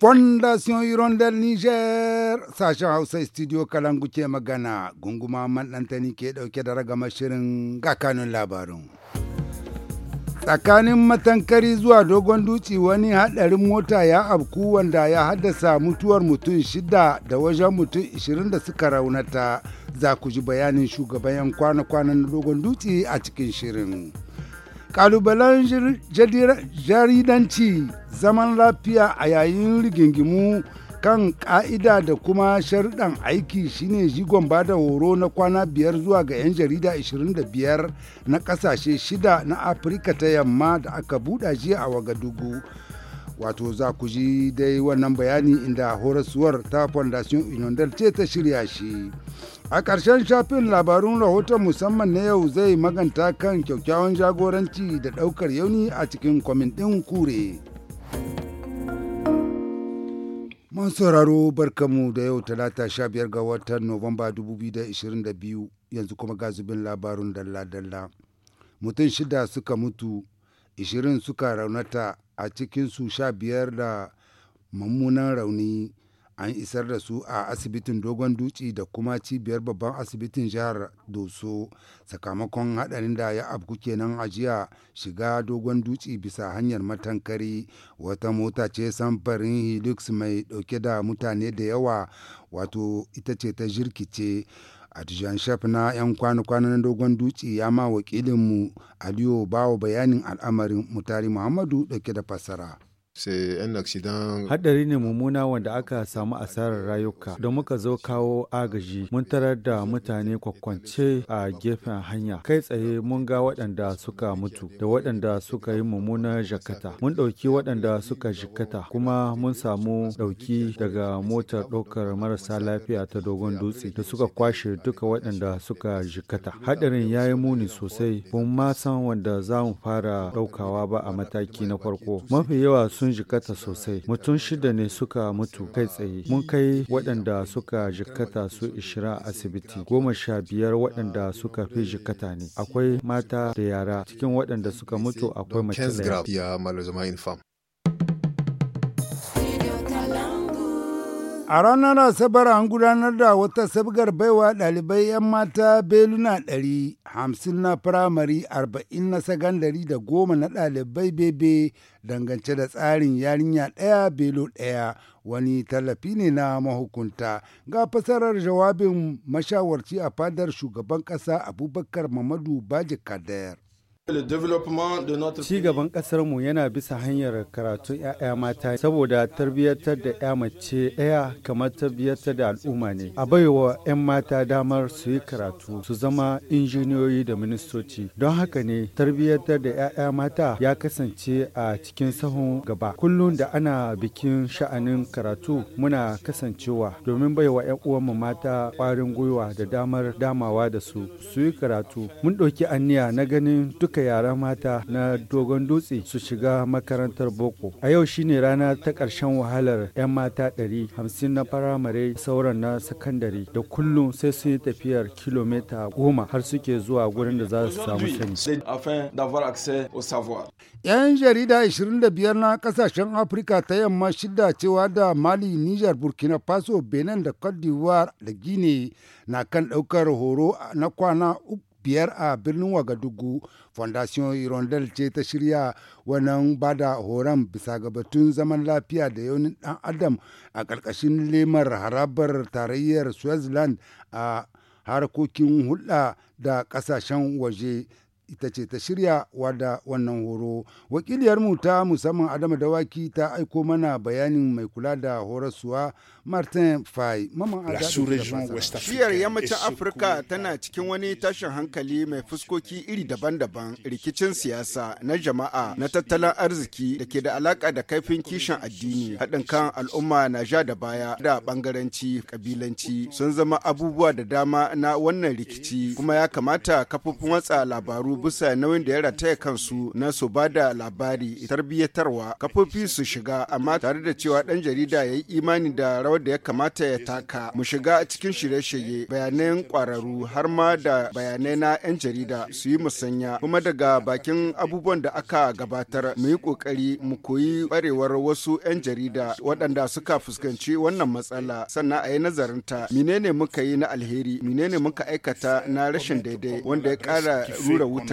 Fondation Iron del Niger sashen Hausa studio Kalangu ke magana gunguma maɗantani ke ɗauke da ragama shirin gakanin labarin. Tsakanin matankari zuwa dogon duci wani haɗarin mota ya afku wanda ya haddasa mutuwar mutum shida da wajen mutum ishirin da suka raunata za ku ji bayanin shugaban yan kwana-kwanan dogon duci a cikin shirin. Ƙalubalen jaridanci zaman lafiya a yayin rigingimu kan ƙa'ida da kuma sharuɗan aiki shine jigon ba da horo na kwana biyar zuwa ga 'yan jarida 25 na ƙasashe shida na afirka ta yamma da aka buɗa jiya a wagadugu wato za ku ji dai wannan bayani inda horaswar ta fondation inondal ce ta shirya shi A ƙarshen shafin labarun rahoton musamman na yau zai maganta kan kyakkyawan jagoranci da ɗaukar yauni a cikin kwamin ɗin kure. Man sauraro barkamu da yau talata sha biyar ga watan Nuwamba 2022 yanzu kuma ga zubin labarun dalla-dalla. Mutum shida suka mutu, ishirin suka raunata a cikinsu sha biyar da mummunan rauni. an isar da su a asibitin dogon duci da kuma cibiyar babban asibitin jihar doso sakamakon haɗarin da ya abu kenan a jiya shiga dogon duci bisa hanyar matankari wata mota ce samfarin helix mai ɗauke da mutane da yawa wato ita ce ta jirkice Artisan shaf na 'yan kwana-kwanan dogon dutse ya ma wakilinmu Aliyu bawa bayanin al'amarin Mutari Muhammadu dauke da fassara. Haɗari ne mummuna wanda aka samu asarar rayuka da muka zo kawo agaji mun tarar da mutane kwakwance a gefen hanya kai tsaye mun ga waɗanda suka mutu da waɗanda suka yi mummuna jakata mun ɗauki waɗanda suka jikata kuma mun samu ɗauki daga motar ɗaukar marasa lafiya ta dogon dutse da suka kwashe duka waɗanda suka jikata haɗarin ya yi muni sosai mun ma san wanda za mu fara ɗaukawa ba a mataki na farko mafi yawa sun sun jikata sosai. Mutum shida ne suka mutu kai tsaye. Mun kai waɗanda suka jikata su ishira asibiti. Goma sha biyar waɗanda suka fi jikata ne. Akwai mata da yara cikin waɗanda suka mutu akwai mace A ranar Asabar an gudanar da wata sabgar baiwa ɗalibai 'yan mata beluna ɗari, hamsin na firamare, arba'in na sagandari da goma na ɗalibai bebe dangance da tsarin yarinya ɗaya belo ɗaya wani tallafi ne na mahukunta. Ga fasarar jawabin mashawarci a fadar shugaban ƙasa Abubakar Mamadu Baji Kadayar. Ci gaban ƙasarmu yana bisa hanyar karatu 'ya'ya mata saboda tarbiyyatar da 'ya mace ɗaya kamar tarbiyyatar da al'umma ne. A baiwa 'yan mata damar su yi karatu su zama injiniyoyi da ministoci. Don haka ne tarbiyyatar da 'ya'ya mata ya kasance a cikin sahun gaba. Kullum da ana bikin sha'anin karatu muna kasancewa domin baiwa 'yan uwanmu mata ƙwarin gwiwa da damar damawa da su su yi karatu. Mun ɗauki anniya na ganin duka duka yara mata na dogon dutse su shiga makarantar boko a yau shine rana ta karshen wahalar 'yan mata 150 na firamare sauran na sakandare da kullum sai sun yi tafiyar kilomita goma har suke zuwa gurin da za su samu 'yan jarida 25 na kasashen afirka ta yamma shida cewa da mali niger burkina faso benin da cote d'ivoire da guinea na kan daukar horo na kwana uku biyar a birnin wagadugu fondation irondel ce ta shirya wannan bada horon bisa ga batun zaman lafiya da yaunin dan adam a ƙarƙashin lemar harabar tarayyar switzerland a harkokin hulɗa da ƙasashen waje ita ce ta shirya wada wannan horo wakiliyarmu ta musamman adama dawaki ta aiko mana bayanin mai kula da horaswa martin fay shiyar yammacin afirka tana cikin wani tashin hankali mai fuskoki iri daban-daban rikicin siyasa na jama'a na tattalin arziki da ke da alaka da kaifin kishin addini haɗin kan al'umma na ja da baya da bangaranci kabilanci sun zama abubuwa da dama na wannan rikici kuma ya kamata kafofin watsa labaru bisa nauyin da ya rataya kansu na su ba da labari tarbiyyatarwa kafofi su shiga amma tare da cewa dan jarida ya yi imani da rawar da ya kamata ya taka mu shiga cikin shirye-shirye bayanan kwararru har ma da bayanai na 'yan jarida su yi musanya kuma daga bakin abubuwan da aka gabatar mu yi kokari mu koyi barewar wasu 'yan jarida waɗanda suka fuskanci wannan matsala sannan a yi nazarinta menene muka yi na alheri menene muka aikata na rashin daidai wanda ya kara rura wuta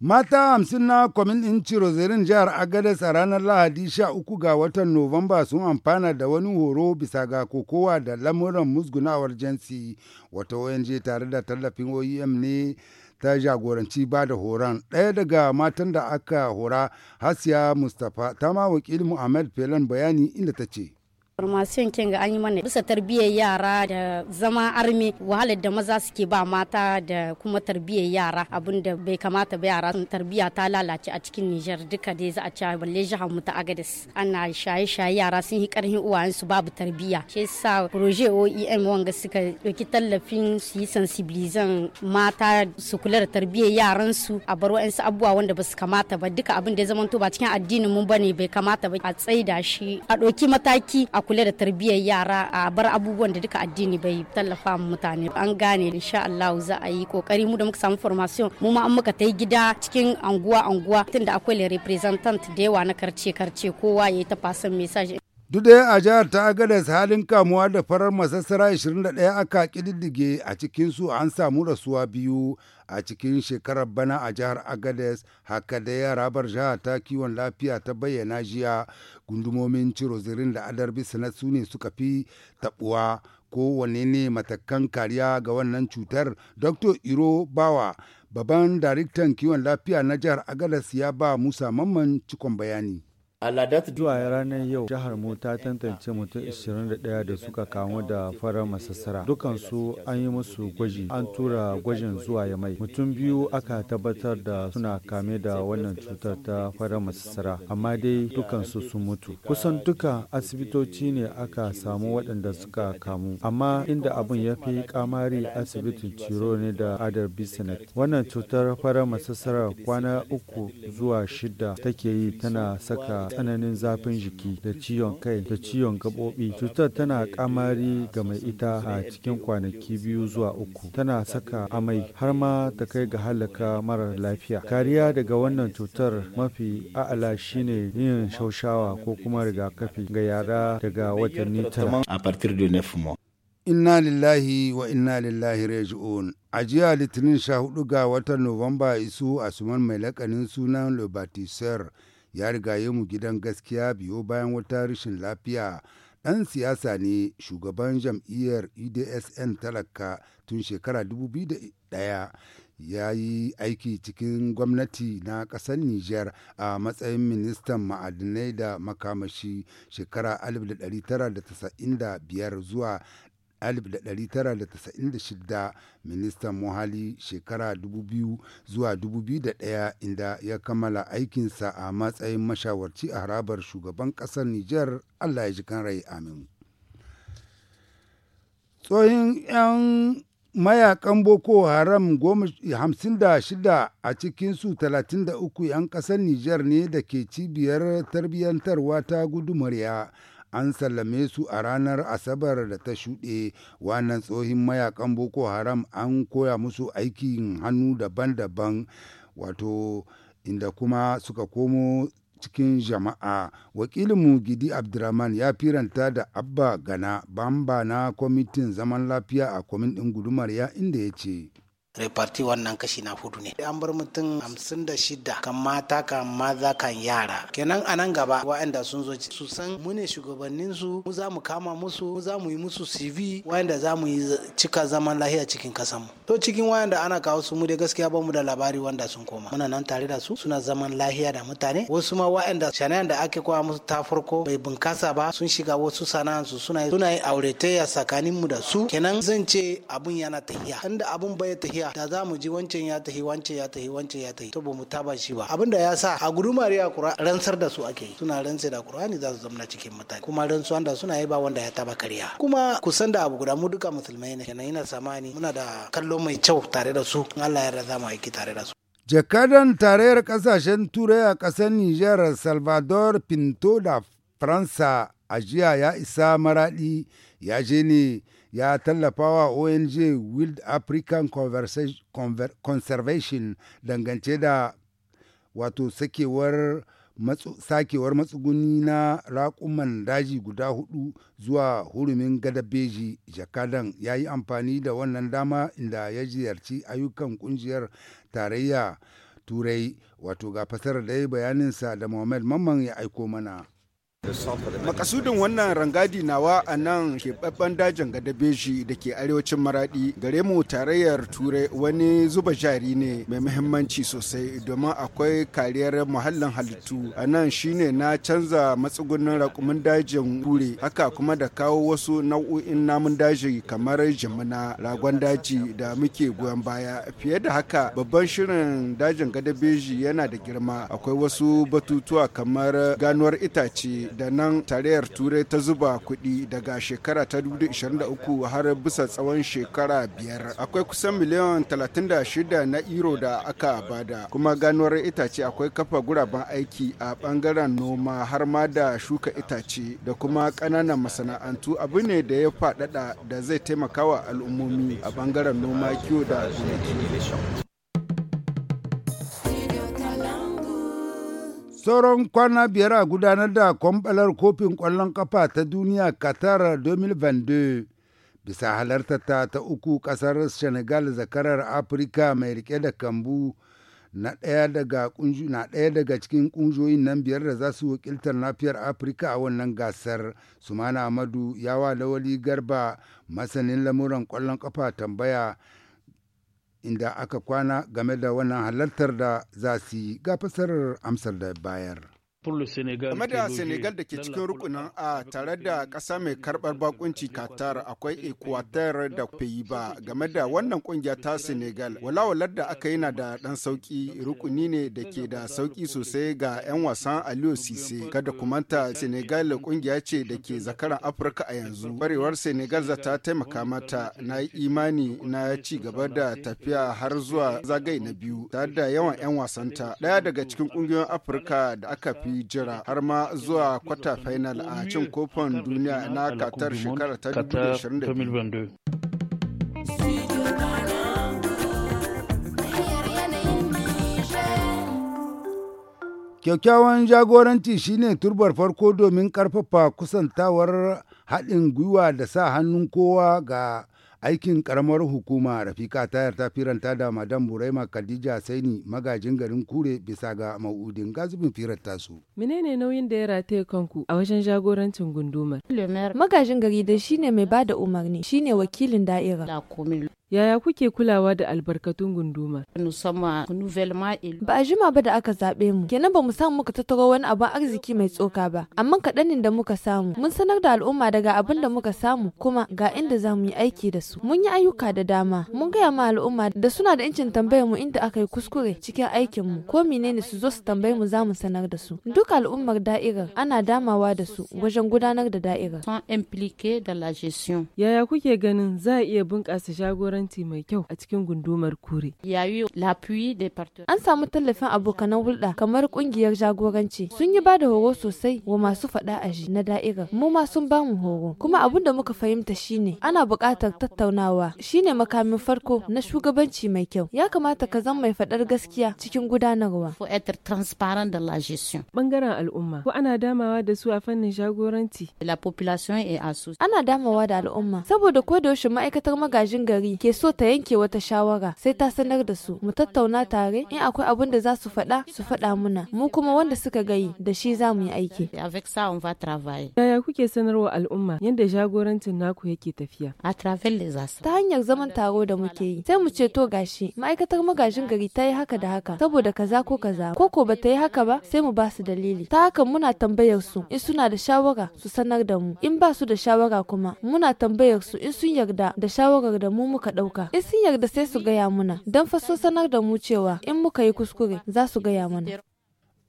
Mata hamsin na kwamin ɗin Cirozerin jihar Agadez a ranar Lahadi 13 ga watan Nuwamba sun amfana da wani horo bisa ga kokowa da lamuran musgunawar jinsi wata ONG tare da tallafin OEM ne ta jagoranci ba da horon ɗaya daga matan da aka hora hasiya mustapha ta ma wakil muhammad Pelan bayani inda ta ce farmasiyon kin ga an yi mana bisa tarbiyyar yara da zama armi wahalar da maza suke ba mata da kuma tarbiyyar yara abinda bai kamata ba yara tarbiyya ta lalace a cikin Nijar duka dai za a ci balle jihar mu ta Agadez ana shaye shaye yara sun yi karhin uwayensu babu tarbiyya shi yasa proje OEM wanga suka doki tallafin su yi sensibilizan mata su kula da tarbiyyar yaran su a bar wa'ansu abubuwa wanda ba su kamata ba duka abin da ya to ba cikin addinin mu bane bai kamata ba a tsaida shi a doki mataki a kula da tarbiyyar yara a bar abubuwan da duka addini bai tallafa mu mutane an gane insha Allah za a yi kokari mu da muka samu formation mu ma an muka tai gida cikin anguwa anguwa tunda akwai le representant da yawa na karce karce kowa yayi ta fasan message Duk da a jihar ta gada halin kamuwa da farar masassara 21 aka kididdige a cikinsu an samu rasuwa biyu a cikin shekarar bana a jihar Agades haka da yara bar jihar ta kiwon lafiya ta bayyana jiya gundumomin cirozirin da adar sanat su ne suka fi taɓuwa kowane ne matakan kariya ga wannan cutar dr iro bawa babban daraktan kiwon lafiya na jihar agadas ya ba musa mamman cikon bayani zuwa ranar yau jihar mu ta tantance mutum 21 da suka kamu da farar masassara dukansu an yi musu gwaji an tura gwajin zuwa ya mai mutum biyu aka tabbatar da suna kame da wannan cutar ta farar masassara amma dai dukansu sun mutu kusan duka asibitoci ne aka samu waɗanda suka kamu amma inda abin ya fi kamari asibitin ciro ne da adar bisanet wannan cutar farar masassara kwana uku zuwa shida take yi tana saka tsananin zafin jiki da ciwon kai da ciwon gabobi. Cutar tana kamari ga mai ita a cikin kwanaki biyu zuwa uku. Tana saka amai har ma ta kai ga halaka marar lafiya. Kariya daga wannan cutar mafi a'ala shine yin shaushawa ko kuma rigakafi ga yara daga watanni tara. Inna lillahi wa inna lillahi raji'un. A jiya Litinin sha hudu ga watan Nuwamba isu suman mai lakanin sunan Lobatisar ya rigaye mu gidan gaskiya biyo bayan wata rashin lafiya ɗan siyasa ne shugaban jam'iyyar edsn talaka tun shekara 2001 ya yi aiki cikin gwamnati na ƙasar niger a matsayin ministan ma'adinai da makamashi shekara 1995 zuwa 1996 ministan muhali shekara 2000 zuwa 2001 inda ya kammala aikinsa a matsayin mashawarci a harabar shugaban ƙasar Nijar Allah ya ji kan rai amin. Tsohon 'yan mayakan boko haram hamsin a cikinsu 33 'yan ƙasar Nijar ne da ke cibiyar tarbiyyantarwa ta gudumariya an sallame su a ranar asabar da ta shuɗe wannan tsohin mayakan boko haram an koya musu aikin hannu daban-daban wato inda kuma suka komo cikin jama'a wakilinmu gidi abdurrahman ya firanta da abba gana bamba na kwamitin zaman lafiya a kwamitin gudumar ya inda ya ce reparti wannan kashi na hudu ne an bar mutum hamsin da shida kan mata kan maza kan yara kenan a nan gaba wa'anda sun zo su san mu ne shugabannin su mu za mu kama musu mu za mu yi musu cv wa'anda za mu yi cika zaman lahiya cikin kasan mu to cikin wa'anda ana kawo su mu dai gaskiya ba mu da labari wanda sun koma muna nan tare da su suna zaman lahiya da mutane wasu ma wa'anda shanayan da ake kowa musu ta farko bai bunkasa ba sun shiga wasu sana'ansu suna suna yi auretayya tsakanin mu da su kenan zan ce abun yana tahiya inda abun bai tahiya tafiya da za mu ji wancan ya tafi wancan ya tafi wancan ya tafi. to ba mu taba shi ba abinda ya sa a gudu kura rantsar da su ake suna rantse da qur'ani za su zama cikin mutane kuma rantsuwan da suna yi ba wanda ya taba kariya. kuma kusan da abu guda mu duka musulmai ne kenan ina samani muna da kallo mai kyau tare da su Allah ya raza mu aiki tare da su jakadan tarayyar kasashen turai a kasar nijar salvador pinto da faransa a jiya ya isa maradi ya je ne ya tallafa wa ONG Wild African Conver Conservation dangance da wato sakewar matsu, sakewar matsuguni na raƙuman daji guda hudu zuwa hurumin gadabeji jakadan ya yi amfani da wannan dama inda ya ziyarci ayyukan kungiyar tarayya turai wato ga fasar da ya bayaninsa da Muhammad Mamman ya aiko mana. Makasudin wannan rangadi nawa a nan keɓaɓɓen dajin Gadabeji da ke arewacin Maraɗi gare mu tarayyar Turai wani zuba jari ne mai muhimmanci sosai domin akwai kariyar muhallin halittu a nan shine na canza matsugunin rakumin dajin Ture haka kuma da kawo wasu nau'o'in namun daji kamar jimina ragon daji da muke goyon baya fiye da haka babban shirin dajin Gadabeji yana da girma akwai wasu batutuwa kamar ganuwar itace da nan tarayyar turai ta zuba kuɗi daga shekara ta 2023 har bisa tsawon shekara biyar akwai kusan miliyan 36 na euro da aka bada kuma ganuwar itace akwai kafa guraben aiki a bangaren noma har ma da shuka itace da kuma ƙananan masana'antu abu ne da ya faɗaɗa da zai taimakawa al'ummomi a bangaren noma kiwo da gonaki sauran kwana biyar a gudanar da kwambalar kofin ƙwallon kafa ta duniya qatar 2022 bisa halartar ta ta uku ƙasar senegal zakarar afirka mai rike da kambu na ɗaya daga daga cikin ƙungiyoyin nan biyar da za su wakiltar lafiyar afirka a wannan gasar sumana amadu yawa lawali garba masanin lamuran ƙwallon kafa tambaya inda aka kwana game da wannan halartar da za su yi ga fasarar amsar da bayar. Game da Senegal da ke cikin rukunin A tare da ƙasa mai karɓar bakunci Qatar akwai Equator da ba game da wannan kungiya ta Senegal. Walawalar da aka yi na da ɗan sauki rukuni ne da ke da sauƙi sosai ga 'yan wasan Aliyu Sise. Kada kumanta Senegal ƙungiya ce da ke zakaran Afirka a yanzu. Barewar Senegal za ta taimaka mata na imani na ci gaba da tafiya har zuwa zagaye na biyu tare da yawan 'yan wasanta. Ɗaya daga cikin ƙungiyoyin Afirka da aka fi yi jira har ma zuwa kwata final a cin kofin duniya na katar shekara ta 2022. Kyakkyawan jagoranci shine turbar farko domin karfafa kusantawar haɗin gwiwa da sa hannun kowa ga aikin karamar hukuma rafika tayar ta firanta da madam buraima khadija saini magajin garin kure bisa ga ma'udin gazibin firanta tasu menene nauyin da ya rataye kanku a wajen jagorancin gundumar magajin gari da shine mai bada umarni shine wakilin da'ira Yaya kuke kulawa da albarkatun gunduma? Ba a jima ba da aka zaɓe mu, kenan ba mu samu muka tattaro wani abin arziki mai tsoka ba, amma kaɗanin da muka samu. Mun sanar da al'umma daga abin da muka samu kuma ga inda za mu yi aiki da su. Mun yi ayyuka da dama, mun gaya ma al'umma da suna da incin tambayar mu inda aka yi kuskure cikin aikin mu, ko menene su zo su tambaye mu za mu sanar da su. Duk al'ummar da'irar ana damawa da su wajen gudanar da da'irar. Yaya kuke ganin za a iya bunƙasa shagoran jagoranci mai kyau a cikin gundumar kure. Yayi An samu tallafin abokanan hulɗa kamar ƙungiyar jagoranci sun yi ba da horo sosai wa masu faɗa aji na da'irar. Mu ma sun mu horo kuma abun da muka fahimta shine ana buƙatar tattaunawa shine makamin farko na shugabanci mai kyau. Ya kamata ka zama mai faɗar gaskiya cikin gudanarwa. Bangaren al'umma ko ana damawa da su a fannin jagoranci. La population et Ana damawa da al'umma saboda ko da yaushe ma'aikatar magajin gari ke so ta yanke wata shawara sai ta sanar da su mu tattauna tare in akwai abin da za su faɗa su faɗa muna mu kuma wanda suka gayi da shi za mu yi aiki. Yaya kuke sanarwa al'umma yadda jagorancin naku yake tafiya? a Ta hanyar zaman taro da muke yi sai mu ce to gashi ma'aikatar magajin gari ta yi haka da haka saboda kaza ko kaza ko ko ba ta yi haka ba sai mu ba su dalili ta haka muna tambayar su in suna da shawara su sanar da mu in ba su da shawara kuma muna tambayar su in sun yarda da shawarar da mu muka ɗauka in sun yarda sai su gaya muna don fa sun sanar da mu cewa in muka yi kuskure za su gaya mana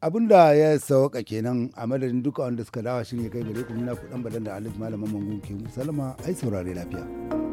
abin da ya sauka kenan a madadin duka wanda suka dawa shi ne kai gare ku muna kudan badan da alif malaman mangun ke Musalama ai saurare lafiya